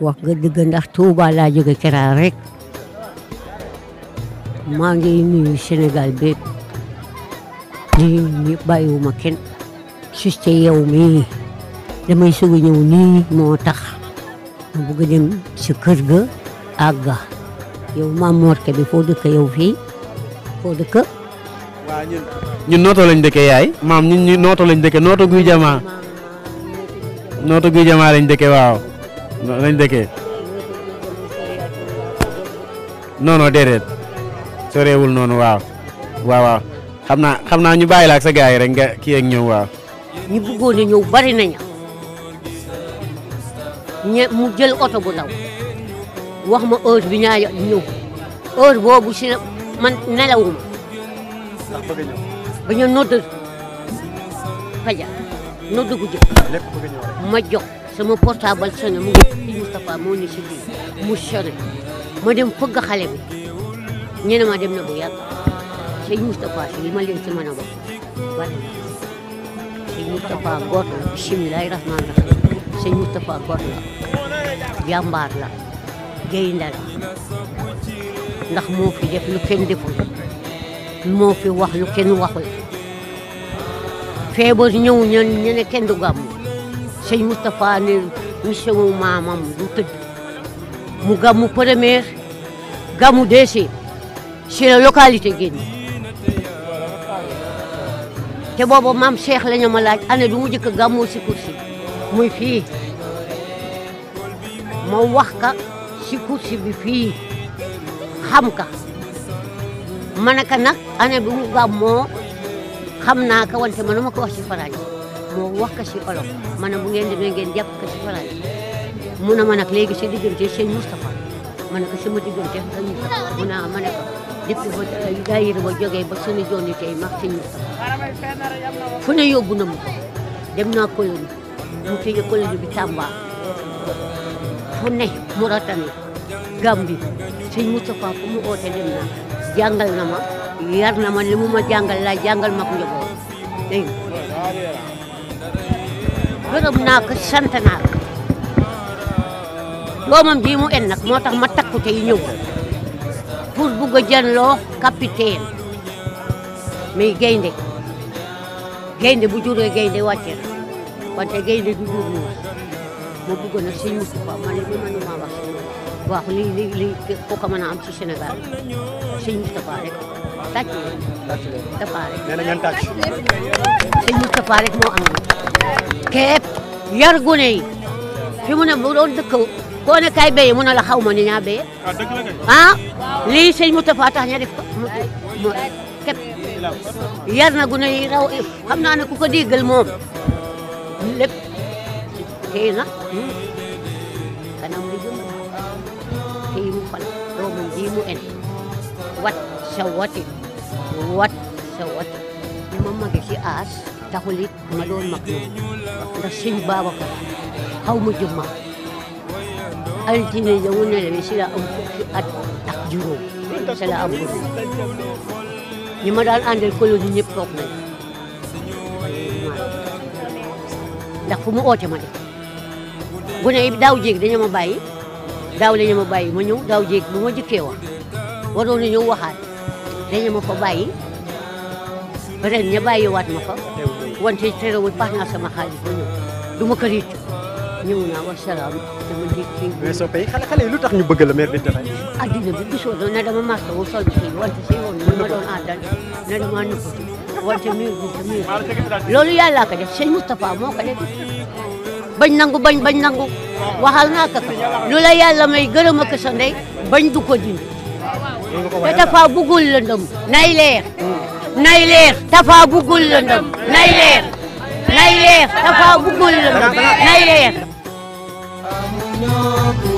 wax nga dëgg ndax Touba laa jóge kera rek maa Ini nuyu Sénégal di ñu bayu kenn suste yau mi damay sëgg ñëw nii moo tax ma bëgg dem sa kër ga àgga yow maam morke bi foo ke yow fii foo ke? waa ñun ñun noto lañ dëkke yaay maam ñun ñu noto lañ dëkke noto guy jamaa noto guy jamaa lañ dëkke waaw wow. noonu lañ dëkkee non non noonu waaw waaw waaw xam naa xam ñu bàyyi la ak sa gars yi rek nga kii ak ñëw waaw. ñu bari nañu ñe mu oto bu wax ma heure bi ñaa ñëw heure boobu si man nelawuma. ndax bëgg a ñëw. ba ñu nodd ma sama portable sonné mu ngi Moustapha moo ne si biir mu sonné ma dem fëgg xale bi ñene ma dem na bu yàgg sëñ mustafa si ma leen ci mëna a wax bari sëñ Moustapha góor la rahim sëñ mustafa gor la jàmbaar la gey la ndax mo fi def lu kenn deful mo fi wax lu kenn waxul febo ñew ñene kenn du gamu sëñ Moustapha ne mission wu maamam du tëdd mu gàmmu première gàmmu deuxième si la localité te booba mam Cheikh la ñu ma laaj année du mu jëkk gàmmoo si kursi muy fii ma wax ka si kursi bi fii xam ka ma ne ka nag année bi mu gàmmoo xam naa ka wante mënuma ko wax ci faransi moo wax eh, ko si olof ma ne bu ngeen demee ngeen jàpp ko si falaay mu ne ma nag léegi sa diggante sëñ Moustapha ma ne ko sama diggante ak Moustapha mu ne ma ne ko depuis ba daayira ba jógee ba suñu jooni tey mag sëñ Moustapha fu ne yóbbu na ma dem naa colonie mu tëjee colonie bi Tamba fu ne Mauritanie Gambie sëñ Moustapha fu mu oote dem naa jàngal na ma yar na ma li mu ma jàngal laa jàngal ma ko njaboot gërëm sant naa ko doomam mu en nag moo tax ma takku tey ñëw pour bugg a jënloo capitaine mais gende wajar bu juree gaynde wàcce na wante gaynde du jur ñu ma bugg li maa wax wax li li li ko ko mën a am ci Sénégal sëñ Moustapha rek tàcc tàcc yar gune yi fi mu ne bu doon dëkk koo ne kay béyee mu ne la xaw ma ni ñaa béyee ah, ah lii sëñ Moustapha tax ña def ko yar na gune yi raw xam naa ne ku ko déggal moom lépp tey na hmm, kanam li jëm mu fal doomam ji mu en wat sa wat sa wati ma magi si aas taxul ma doon mag ñoom ndax sëñ Babacar xaw ma juma altine ja mu ne la si la am fukki at ak juróom si la am fukki ñi ma daan àndal colonie ñëpp ndax fu mu oote ma def gune yi daaw jéeg dañu ma bàyyi daaw la ñu ma bàyyi ma ñëw daaw jéeg bu ma jëkkee wax waroon na ñëw waxaat dañu ma fa bàyyi ren ña bàyyiwaat ma fa wante terewul baax naa sama xaalis ba ñëw du ma ko rëccu ñëw naa wa salaam dama di kii. mais soo pay xale xale yi lu tax ñu bëgg la mère Binta a addina bi gisoo doon ne dama màgg wu sol si wante si woon na ma doon àndal ne dama nëbbatu wante miir bi te miir loolu ko bañ bañ bañ nangu waxal naa ko lu la yàlla gërëm ak sa ndey bañ du ko dindi te dafa bëggul lëndëm nay leer. nay leer Tapha buggul lëndëm nay leer nay leer Tapha buggul lëndëm nay leer